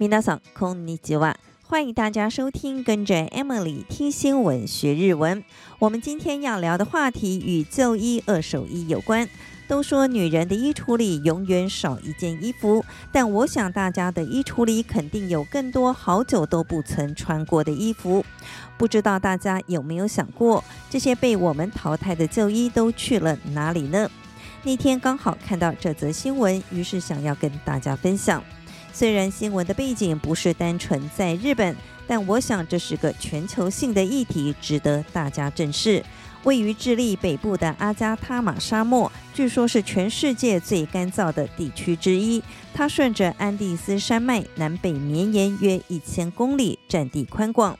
皆さん、こんにちは。歡迎大家收聽，跟着 Emily 聽新聞學日文。我們今天要聊的話題與舊衣、二手衣有關。都說女人的衣櫥裡永遠少一件衣服，但我想大家的衣櫥裡肯定有更多好久都不曾穿過的衣服。不知道大家有沒有想過，這些被我們淘汰的舊衣都去了哪裡呢？那天剛好看到這則新聞，於是想要跟大家分享。雖然新聞的背景不是單純在日本，但我想這是個全球性的議題，值得大家正視。位於智利北部的阿加塔馬沙漠，據說是全世界最乾燥的地區之一。它順着安第斯山脈南北綿延約一千公里，占地寬廣。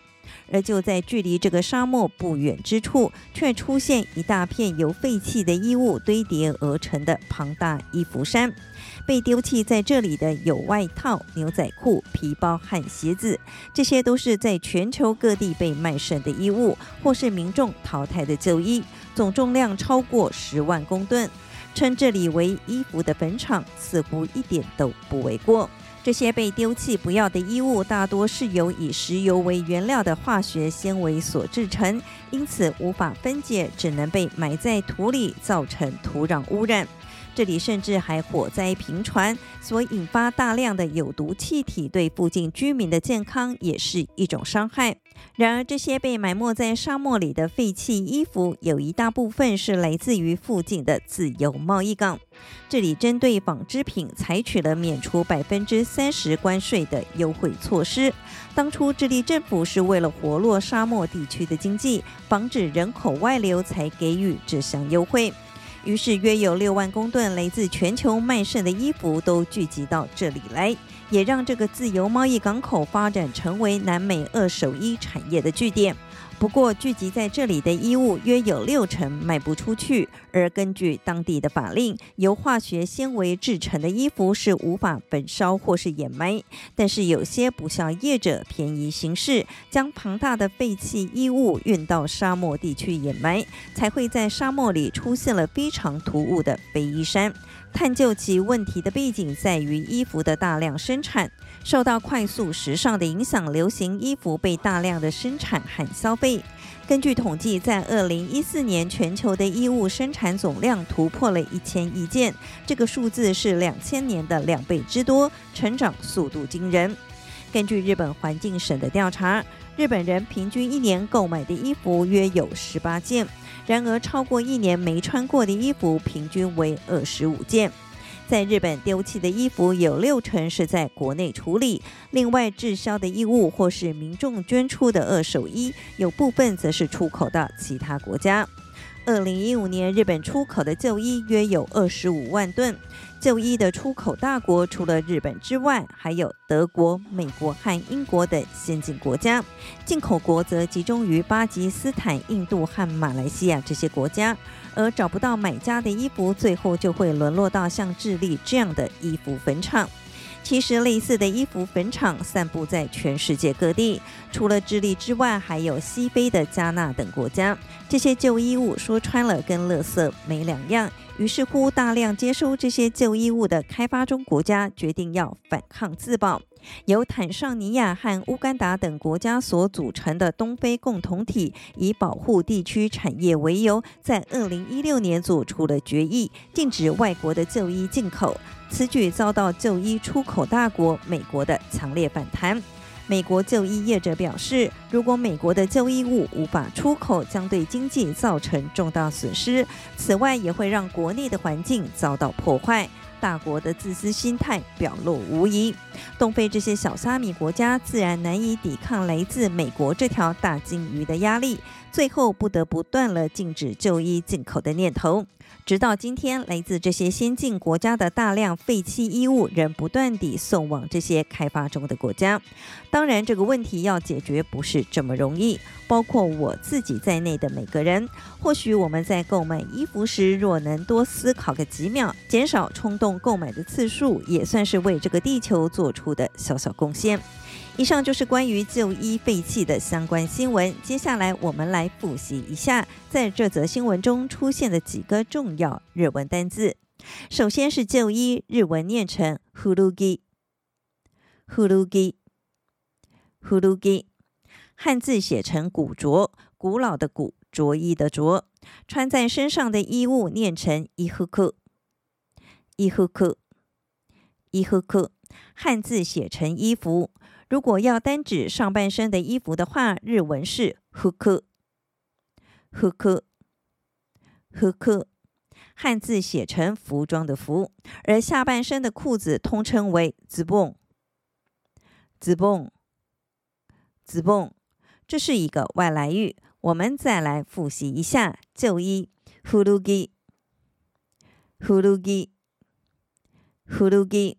而就在距離這個沙漠不遠之處，卻出現一大片由廢棄的衣物堆疊而成的龐大衣服山。被丟棄在這裡的有外套、牛仔褲、皮包和鞋子，這些都是在全球各地被賣剩的衣物，或是民眾淘汰的舊衣，總重量超過十萬公噸。稱這裡為“衣服的墳場”，似乎一點都不為過。這些被丟棄不要的衣物，大多是由以石油為原料的化學纖維所製成，因此無法分解，只能被埋在土裡，造成土壤污染。這裡甚至還火災頻傳，所引發大量的有毒氣體，對附近居民的健康也是一種傷害。然而，這些被埋沒在沙漠裡的廢棄衣服，有一大部分是來自於附近的自由貿易港。這裡針對紡織品採取了免除百分之三十關稅的優惠措施。當初，智利政府是為了活絡沙漠地區的經濟，防止人口外流，才給予這項優惠。於是，約有六萬公噸來自全球賣剩的衣服都聚集到這裡來，也讓這個自由貿易港口發展成為南美二手衣產業的據點。不過，聚集在這裡的衣物約有六成賣不出去，而根據當地的法令，由化學纖維製成的衣服是無法焚燒或是掩埋。但是，有些不肖業者便宜行事，將龐大的廢棄衣物運到沙漠地區掩埋，才會在沙漠裡出現了非常突兀的“廢衣山”。探究其問題的背景在於衣服的大量生產，受到快速時尚的影響，流行衣服被大量的生產和消費。根據統計，在二零一四年，全球的衣物生產總量突破了一千億件，這個數字是兩千年的兩倍之多，成長速度驚人。根據日本環境省的調查，日本人平均一年購買的衣服約有十八件，然而超過一年沒穿過的衣服平均為二十五件。在日本丟棄的衣服有六成是在國內處理，另外滯銷的衣物或是民眾捐出的二手衣，有部分則是出口到其他國家。二零一五年，日本出口的舊衣約有二十五萬噸。舊衣的出口大國除了日本之外，還有德國、美國和英國等先進國家；進口國則集中於巴基斯坦、印度和馬來西亞這些國家。而找不到買家的衣服，最後就會淪落到像智利這樣的衣服墳場。其實，類似的衣服墳場散布在全世界各地，除了智利之外，還有西非的加納等國家。這些舊衣物說穿了，跟垃圾沒兩樣。於是乎，大量接收這些舊衣物的開發中國家決定要反抗自保。由坦桑尼亞和烏干達等國家所組成的東非共同體，以保護地區產業為由，在二零一六年做出了決議，禁止外國的舊衣進口。此舉遭到舊衣出口大國美國的強烈反彈。美國舊衣業者表示，如果美國的舊衣物無法出口，將對經濟造成重大損失。此外，也會讓國內的環境遭到破壞。大國的自私心態表露無遺。東非這些小蝦米國家自然難以抵抗來自美國這條大鯨魚的壓力，最後不得不斷了禁止舊衣進口的念頭。直到今天，來自這些先進國家的大量廢棄衣物仍不斷地送往這些開發中的國家。當然，這個問題要解決不是這麼容易。包括我自己在內的每個人，或許我們在購買衣服時，若能多思考個幾秒，減少衝動購買的次數，也算是為這個地球做出的小小貢獻。以上就是關於舊衣廢棄的相關新聞。接下來，我們來複習一下在這則新聞中出現的幾個重要日文單字。首先是舊衣，日文念成 “furugi”，“furugi”，“furugi”，漢字寫成“古着”，古老的“古”，着衣的“着”，穿在身上的衣物念成 “ifuku”，“ifuku 漢字寫成“衣服”，如果要單指上半身的衣服的話，日文是ふく，ふく，ふく。漢字寫成“服裝”的“服”，而下半身的褲子通稱為“ズボン”，“ズボン”，“ズボン”。這是一個外來語。我們再來複習一下舊衣ふるぎ，ふるぎ，ふるぎ。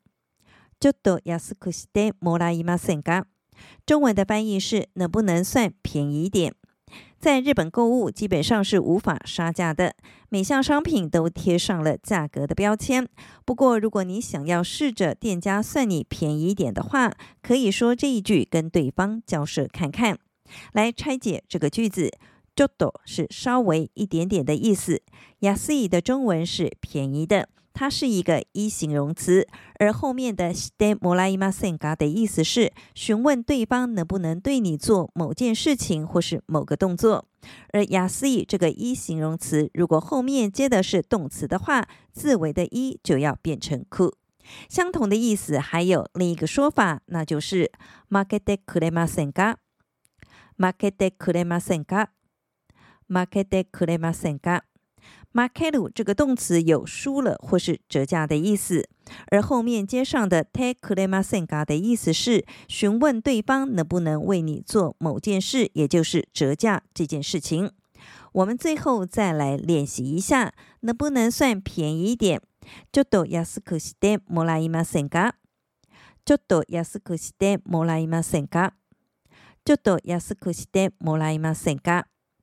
ちょっと安くしてもらえませんか？中文的翻譯是“能不能算便宜一點？”在日本購物基本上是無法殺價的，每項商品都貼上了價格的標籤。不過，如果你想要試着店家算你便宜一點的話，可以說這一句跟對方交涉看看。來拆解這個句子，ちょっと是稍微一點點的意思，安く的中文是便宜的。它是一個一形容詞，而後面的“してもらいませんか”的意思是詢問對方能不能對你做某件事情或是某個動作。而やすい這個一形容詞，如果後面接的是動詞的話，字尾的一就要變成く。相同的意思還有另一個說法，那就是“負けてくれませんか”“負けてくれませんか”“負けてくれませんか”。マケル這個動詞有輸了或是折價的意思，而後面接上的てくれませんか的意思是詢問對方能不能為你做某件事，也就是折價這件事情。我們最後再來練習一下，能不能算便宜一點？ちょっと安くしてもらいませんか？ちょっと安くしてもらいませんか？ちょっと安くしてもらいません